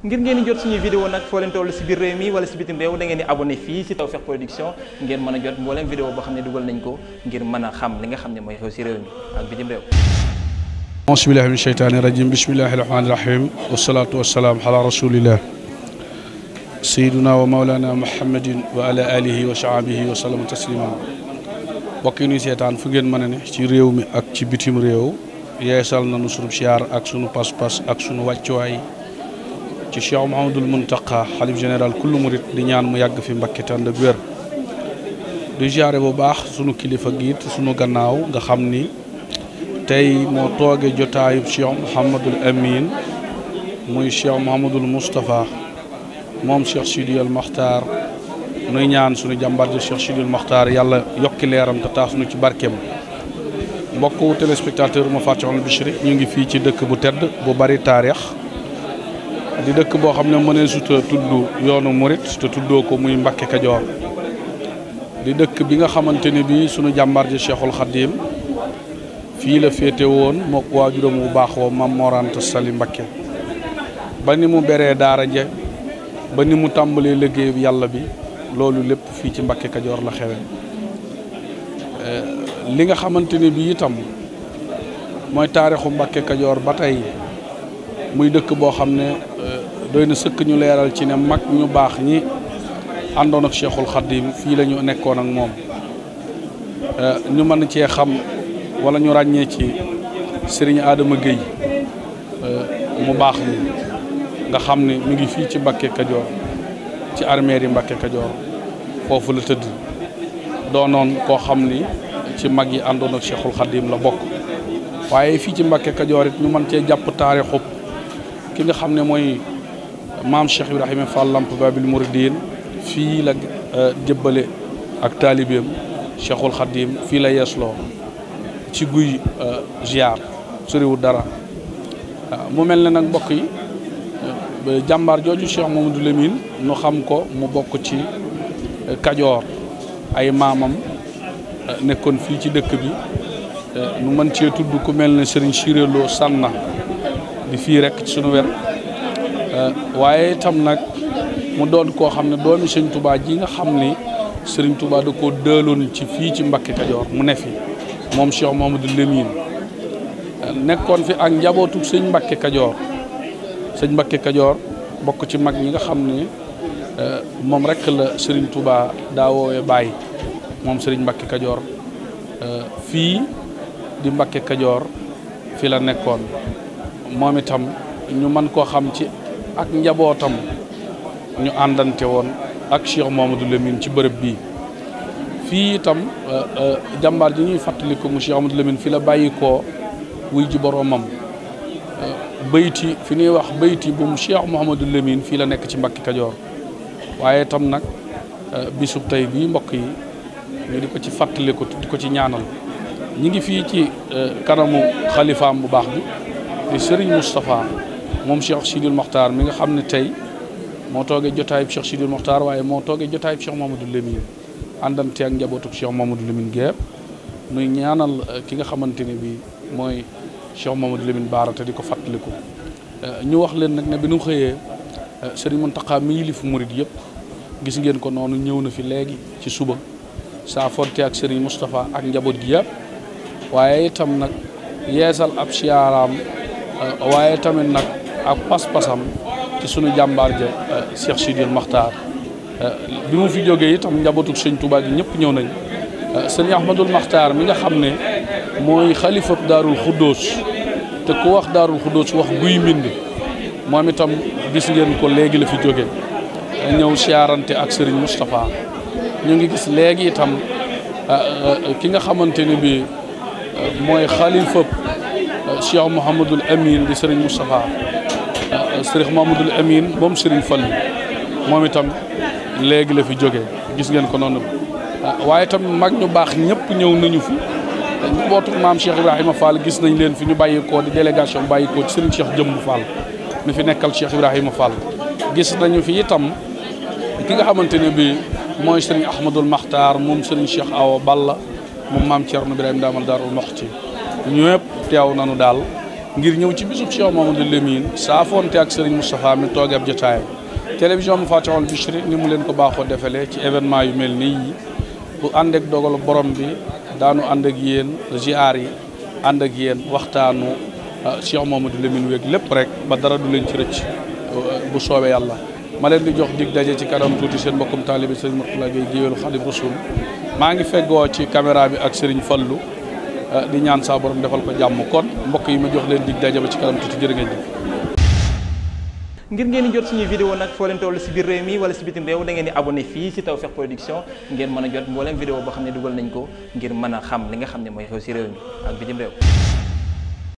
ngir ngeen di jot suñuy vidéo nag foo leen toll si biir réew mi wala si bitim réew da ngeen di abonné mën a jot mbooleem vidéo boo xam ne dugal nañ ko ngir mën a xam li nga xam ne mooy xew si réew mi ak bitim réew auzu billahi min sheytaani rajim bismillahi rahmaani rahim wasalaatu wasalaam ala rasulillah sayiduna wa maulana muhammadin wa ala alihi wa sahbihi wa mbokk yi ñuy seetaan fu ngeen mën a ne ci réew mi ak ci bitim réew yeesal nañu sunu siyaar ak sunu pas-pas ak sunu wàccuwaay ci Cheikh Mouhamadoul Mountakha xalif général kullu murit di ñaan mu yàgg fi Mbàkke de ànd ak du jaare bu baax sunu kilifa giit sunu gannaaw nga xam ni tey moo tooge jotaayub Cheikh Mouhamadoul Amine muy Cheikh Mouhamadoul Moustapha moom Cheikh Sidi al Maxtaar nuy ñaan sunu jàmbaar ji Cheikh Sidi al yàlla yokki leeram te taas nu ci barkeem mbokku téléspectateur ma fàccoon Bichri ñu ngi fii ci dëkk bu tedd bu bari taarix di dëkk boo xam ne mëneesut a tudd yoonu murit te tuddoo ko muy Mbàkke Kajoor di dëkk bi nga xamante ne bii sunu jàmbaar ji Cheikhul Khadim fii la féete woon mook waajuram bu baax woo Maam Mor Anta Sali Mbàkke ba ni mu beree daara je ba ni mu tàmbalee liggéey yàlla bi loolu lépp fii ci Mbàkke Kajoor la xewe eh, li nga xamante ne bii itam mooy taarixu Mbàkke Kajoor ba tey muy dëkk boo xam ne euh, doy na sëkk ñu leeral ci ne mag ñu baax ñi àndoon ak Cheikhul Khadim fii la nekkoon ak moom euh, ñu mën cee xam wala ñu ràññee ci Serigne Adama Gueye euh, mu baax mi nga xam ni mu ngi fii ci Mbacké Kajoor ci armée yi Kajoor foofu la tëdd noon koo xam ni ci mag yi àndoon ak Cheikhul Khadim la bokk waaye fii ci Mbacké Kajoor it ñu mën cee jàpp taarixu ki nga xam ne mooy maam Cheikh Ibrahima Fall Lamp Babil Mouridine fii la euh, jébbale ak taalibeem Cheikhul Khadim fii la yeesloo ci guy euh, ziar soriwu dara euh, mu mel ne nag mbokk yi jàmbaar jooju moom du Lamine nu xam ko mu bokk ci Kajoor ay maamam nekkoon fii ci dëkk bi nu mën cee tudd ku mel ne Serigne Sirelo Sanna di fii rek ci sunu wet eh, waaye tam nag mu doon koo xam ne doomi sëñ tubaa ji nga xam ni sëriñ Touba da koo dëloon ci fii ci Mbacke Kajoor mu ne fi moom Cheikh Mamadou Lemine eh, nekkoon fi ak njabootu sëñ Mbacke Kajoor sëñ mbakke Kajoor bokk ci mag ñi nga xam ni eh, moom rek la sëriñ tubaa daa woowee bàyyi moom sëriñ Mbacke Kajoor fii di Mbacke Kajoor fii la nekkoon moom itam ñu man koo xam ci ak njabootam ñu àndante woon ak Cheikh Mouhamadou Lamine ci bërëb bii fii itam euh, euh, jàmbaar ji ñuy fàttaliku mu Cheikh fii la bàyyi koo wuy ji boroomam euh, bayti fi ñuy wax bayti bu mu Cheikh Mouhamadou Lamine fii la nekk ci Mbàkke Kajoor waaye itam nag bisub tey bii mbokk yi ñu di ko ci fàttaliku di ko ci ñaanal ñi ngi fii ci kanamu xalifaam bu baax bi di Serigne Moustapha moom Cheikh Sidil Mokhtar mi nga xam ne tey moo toogee jotaayub Cheikh Sidil Mokhtar waaye moo toogee jotaayub Cheikh Mamadou Lemine àndante ak njabootug Cheikh Mamadou Lemine Guèye nuy ñaanal euh, ki nga xamante ne bii mooy Cheikh Mamadou Lemine Baara te ko euh, ñu wax leen nag ne bi nu xëyee euh, Serigne Mountakha mi yilif murid yëpp gis ngeen ko noonu ñëw na fi léegi ci suba saa fonte ak Serigne Moustapha ak njaboot gi yëpp waaye itam nag yeesal ab siyaaraam. Euh, waaye tamit nag ak pas-pasam ci sunu jàmbaar ja euh, Cheikh Sidil Maxtaar euh, bi mu fi jógee itam njabootu sëñ Touba gi ñëpp ñëw nañ sëñ Ahmadul Maxtaar mi nga xam ne mooy xalifab daarul xuddoos te ku wax daarul xuddoos wax guy mbind moom itam gis ngeen ko léegi la fi jóge ñëw siyaarante ak Serigne Moustapha ñu ngi gis léegi itam ki nga xamante ni bi mooy xalifab Cheikh Mouhamadul Amin di Serigne Moustapha ah, Serigne Mouhamadul Amin moom Serigne Fallou moom itam léegi la fi jóge gis ngeen ko noonu ah, waaye itam mag ñu baax ñëpp ñëw nañu fi mbootu maam Cheikh Ibrahima Fall gis nañ leen fi ñu bàyyi ko di délégation bàyyi ko ci Serigne Cheikh Jëmb Fall mi fi nekkal Cheikh Ibrahima Fall gis nañu fi itam ki nga xamante ne bii mooy Serigne Ahmadul Makhtar moom Serigne Cheikh Awa Balla moom maam Thierno Ibrahima daamal Daarul Moxti ñëpp teew nanu daal ngir ñëw ci bisub Cheikh Mamadou Lamine saafoonte ak Serigne Moustapha mi toogee ab jotaayam télévision mu Fatihul Bichri ni mu leen ko baaxoo defalee ci événement yu mel nii yi bu ànd ak dogalu borom bi daanu ànd ak yéen ziar yi ànd ak yéen waxtaanu ah, Cheikh Mamadou Lamine weeg lépp rek ba dara du leen ci rëcc euh, bu soobee yàlla ma leen di jox dig daje ci kanam tuuti seen mbokkum taalibi Serigne Mourtala Gueye Géwél Xadim Rasul maa ngi feggoo ci caméra bi ak Serigne Fallou Ah, di ñaan saa borom defal ko jàmm kon mbokk yi ma jox leen dig daje ba ci kanam tuuti jërë ngeen jëf. ngir ngeen di jot suñuy vidéo nag foo leen toll si biir réew mi wala si bitim réew da ngeen di abonné fii si Tawfekh Production ngeen mën a jot mbooleem vidéo boo xam ne dugal nañ ko ngir mën a xam li nga xam ne mooy xew si réew mi ak bitim réew.